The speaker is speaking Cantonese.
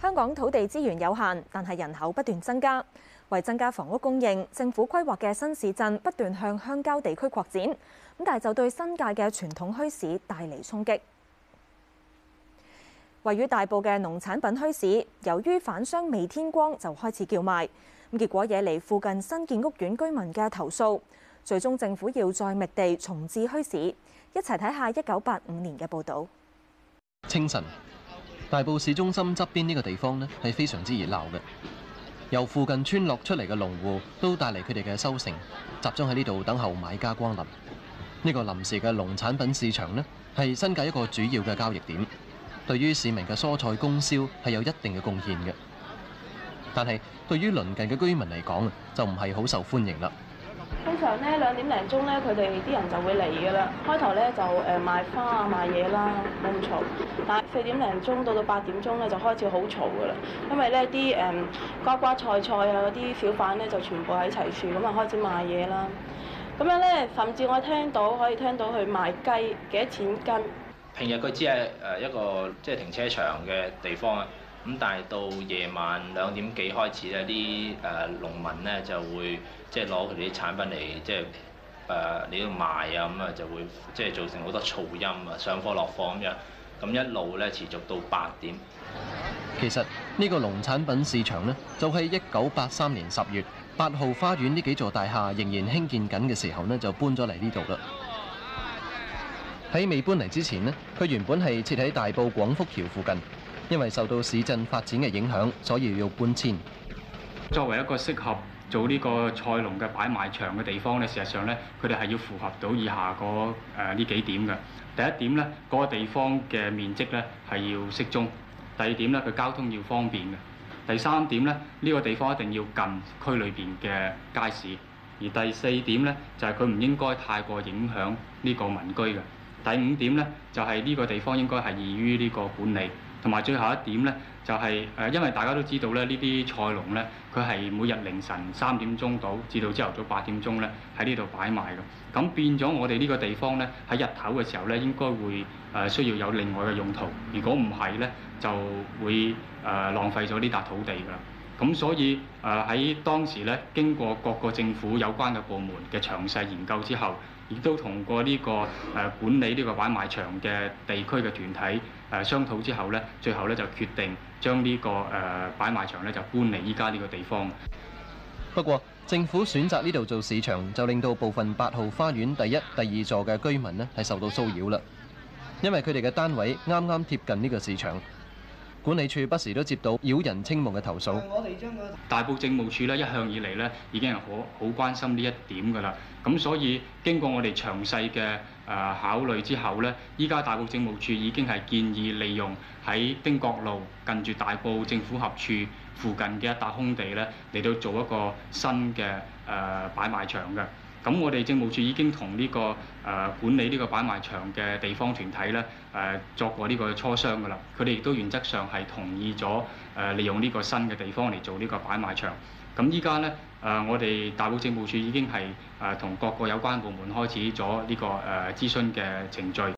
香港土地資源有限，但係人口不斷增加。為增加房屋供應，政府規劃嘅新市鎮不斷向鄉郊地區擴展。咁但係就對新界嘅傳統墟市帶嚟衝擊。位於大埔嘅農產品墟市，由於販商未天光就開始叫賣，咁結果惹嚟附近新建屋苑居民嘅投訴。最終政府要再覓地重置墟市。一齊睇下一九八五年嘅報導。清晨。大埔市中心側邊呢個地方呢，係非常之熱鬧嘅。由附近村落出嚟嘅農戶都帶嚟佢哋嘅收成，集中喺呢度等候買家光臨。呢個臨時嘅農產品市場呢，係新界一個主要嘅交易點，對於市民嘅蔬菜供銷係有一定嘅貢獻嘅。但係對於鄰近嘅居民嚟講就唔係好受歡迎啦。通常咧兩點零鐘咧，佢哋啲人就會嚟噶啦。開頭咧就誒賣花啊、賣嘢啦，冇咁嘈。但係四點零鐘到到八點鐘咧，就開始好嘈噶啦，因為咧啲誒瓜瓜菜菜啊嗰啲小販咧就全部喺一齊處咁啊，開始賣嘢啦。咁樣咧，甚至我聽到可以聽到佢賣雞幾多錢斤。平日佢只係誒一個即係停車場嘅地方啊。咁但係到夜晚兩點幾開始咧，啲誒農民咧就會即係攞佢啲產品嚟即係誒你度賣啊，咁啊就會即係造成好多噪音啊，上課落課咁樣，咁一路咧持續到八點。其實呢個農產品市場呢，就喺一九八三年十月，八號花園呢幾座大廈仍然興建緊嘅時候呢，就搬咗嚟呢度啦。喺未搬嚟之前呢，佢原本係設喺大埔廣福橋附近。因為受到市鎮發展嘅影響，所以要搬遷。作為一個適合做呢個菜農嘅擺賣場嘅地方咧，事實上咧，佢哋係要符合到以下嗰誒呢幾點嘅。第一點咧，嗰個地方嘅面積咧係要適中；第二點咧，佢交通要方便嘅；第三點咧，呢個地方一定要近區裏邊嘅街市；而第四點咧，就係佢唔應該太過影響呢個民居嘅。第五點咧，就係呢個地方應該係易於呢個管理。同埋最後一點呢，就係誒，因為大家都知道咧，呢啲菜農呢，佢係每日凌晨三點鐘到，至到朝頭早八點鐘呢，喺呢度擺賣嘅。咁變咗我哋呢個地方呢，喺日頭嘅時候呢，應該會誒需要有另外嘅用途。如果唔係呢，就會誒浪費咗呢笪土地㗎喇。咁所以誒喺當時呢，經過各個政府有關嘅部門嘅詳細研究之後，亦都同過呢個誒管理呢個擺賣場嘅地區嘅團體誒商討之後呢，最後呢就決定將呢個誒擺賣場呢就搬嚟依家呢個地方。不過政府選擇呢度做市場，就令到部分八號花園第一、第二座嘅居民呢係受到騷擾啦，因為佢哋嘅單位啱啱貼近呢個市場。管理處不時都接到擾人清夢嘅投訴。大埔政務處咧一向以嚟咧已經係好好關心呢一點㗎啦。咁所以經過我哋詳細嘅誒考慮之後呢，依家大埔政務處已經係建議利用喺丁角路近住大埔政府合署附近嘅一笪空地呢嚟到做一個新嘅誒擺賣場嘅。咁我哋政務處已經同呢個誒管理呢個擺賣場嘅地方團體呢，誒作過呢個磋商㗎啦，佢哋亦都原則上係同意咗誒利用呢個新嘅地方嚟做呢個擺賣場。咁依家呢，誒，我哋大埔政務處已經係誒同各個有關部門開始咗呢個誒諮詢嘅程序。